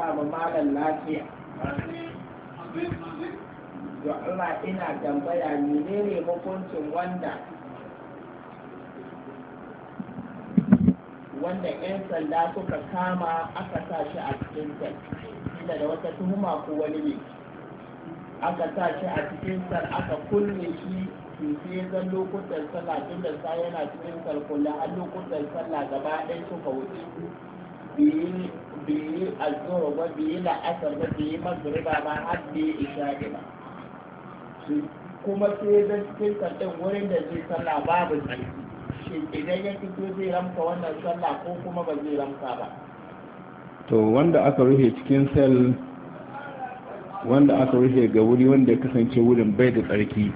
ba malam lafiya da Allah ina tambaya menene hukuncin wanda wanda 'yan sanda suka kama aka sa shi a cikin sar inda da wata tuhuma ko wani ne aka sa shi a cikin sar aka kulle shi sai zan lokutan sallah tun da sa yana cikin sar kullum har lokutan sallah gaba ɗaya suka wuce bai yi azzuwa ba bai yi la'asar ba bai yi magriba ba har bai yi ne ba kuma sai zan cikin ɗin wurin da zai sallah babu tsarki shi idan ya fito zai ramka wannan sallah ko kuma ba zai ramka ba to wanda aka rufe cikin sel wanda aka rufe ga wuri wanda ya kasance wurin bai da tsarki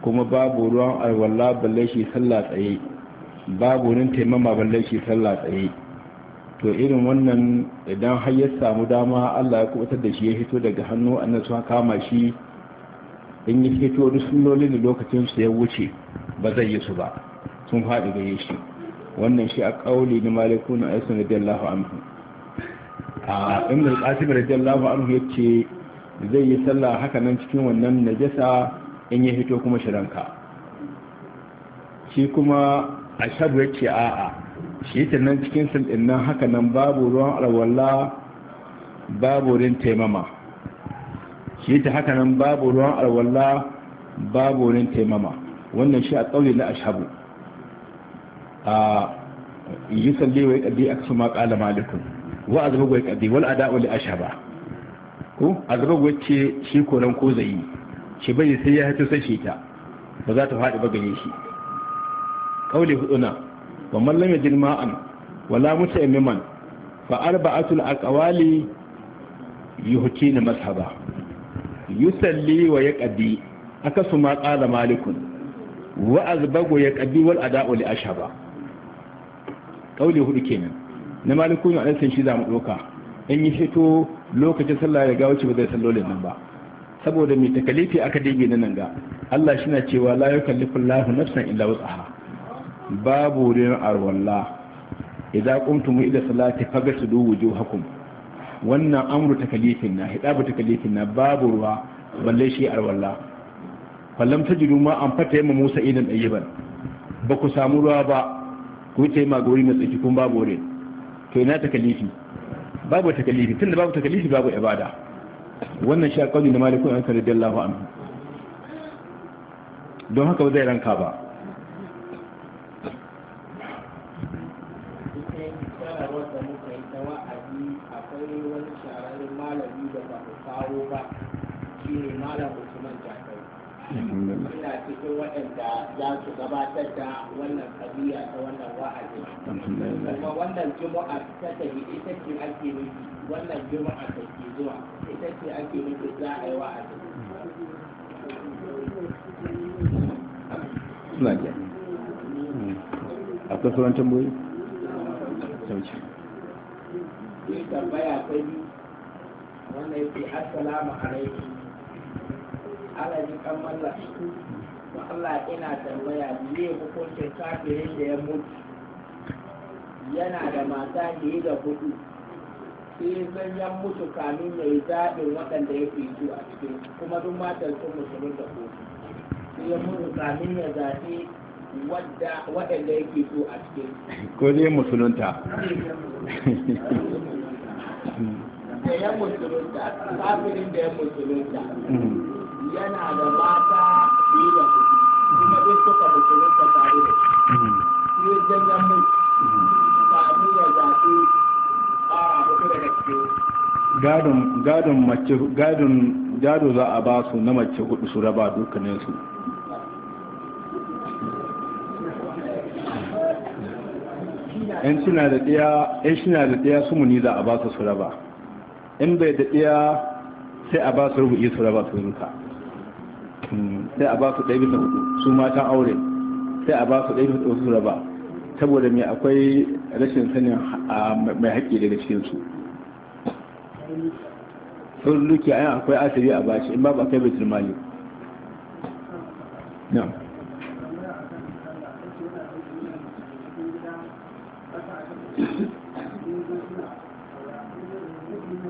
kuma babu ruwan alwala balle shi sallah tsaye babu wurin taimama balle shi sallah tsaye to irin wannan idan har ya samu dama Allah ya kubutar da shi ya hito daga hannu annan sun kama shi in ya hito wani sunnoli da lokacin su ya wuce ba zai yi su ba sun faɗi ga shi wannan shi a ƙauli na malikun ayyukan radiyallahu anhu a ibn al-qasim radiyallahu anhu zai yi sallah haka nan cikin wannan najasa in ya hito kuma shiranka shi kuma a ya ce a'a shi ta nan cikin sulɗin nan haka nan babu ruwan alwala babu rin taimama shi ta haka nan babu ruwan alwala babu rin taimama wannan shi a tsauri na ashabu a yi salli wa yi ƙaddi aka su maƙala malikun wa a zabagu ya ƙaddi wal ada wali ashaba ko a zabagu ce shi koran ko zai shi bai sai ya haifar sai shi ta ba za ta faɗi ba gani shi ƙauli hudu na wa man lam yajid ma'an wala mutaymiman fa arba'atul aqwali yuhtina mazhaba yusalli wa yaqdi akasu ma qala malikun wa azbagu yaqdi wal ada'u li ashaba qawli hudu kenan na malikun a alsan shi zamu doka in yi fito lokacin sallah ya ga wuce ba zai sallolin nan ba saboda mai takalifi aka dinge nan ga Allah shi na cewa la yukallifu Allahu nafsan illa wus'aha babu wurin arwalla idan kuntum ila salati fagasudu wujuhakum wannan amru takalifin na hidabu takalifin na babu ruwa balle shi arwalla fallam tajidu ma an fata yamma Musa idan ayyiban ba ku samu ruwa ba ku yi taimaka gori na tsaki kun babu wurin to ina takalifi babu takalifi tunda babu takalifi babu ibada wannan shi a kauli na malikun an karidallahu anhu don haka ba zai ranka ba da ba ku kawo ba shi ne malam usman jafari ina cikin waɗanda za su gabatar da wannan kabiya ta wannan wa'azi wannan juma'a ta tafi ita ce ake nufi wannan juma'a ta ke zuwa ita ce ake nufi za a yi wa'azi suna akwai sauran tambayoyi? tambaya ta biyu wannan yake assalamu alaikum alaji kan mallaka to Allah ina tambaya me hukuncin kafirin da ya mutu yana da mata ne da hudu sai san ya mutu kamin ya yi zaɓin waɗanda ya fi su a cikin kuma duk matan sun musulun da ko sai ya mutu kamin ya zaɓi waɗanda ya fi su a cikin ko dai musulunta da ya musulunta kafirin hmm. yana da mata da kuma duk suka musulunta tare shi yi hmm. janyen ya hmm. daga cikin gadon gadon gado za a ba su na mace hudu su raba dukkaninsu yan suna da ɗaya su muni za a ba su su raba in bai da sai a ba su rubu'i su ba su rinka sai a ba su ɗaya bisa hudu su matan aure sai a ba su ɗaya bisa hudu su raba saboda mai akwai rashin sanin mai haƙƙi daga cikinsu sun duki ayan akwai asiri a bashi in babu akwai bai mali Thank you.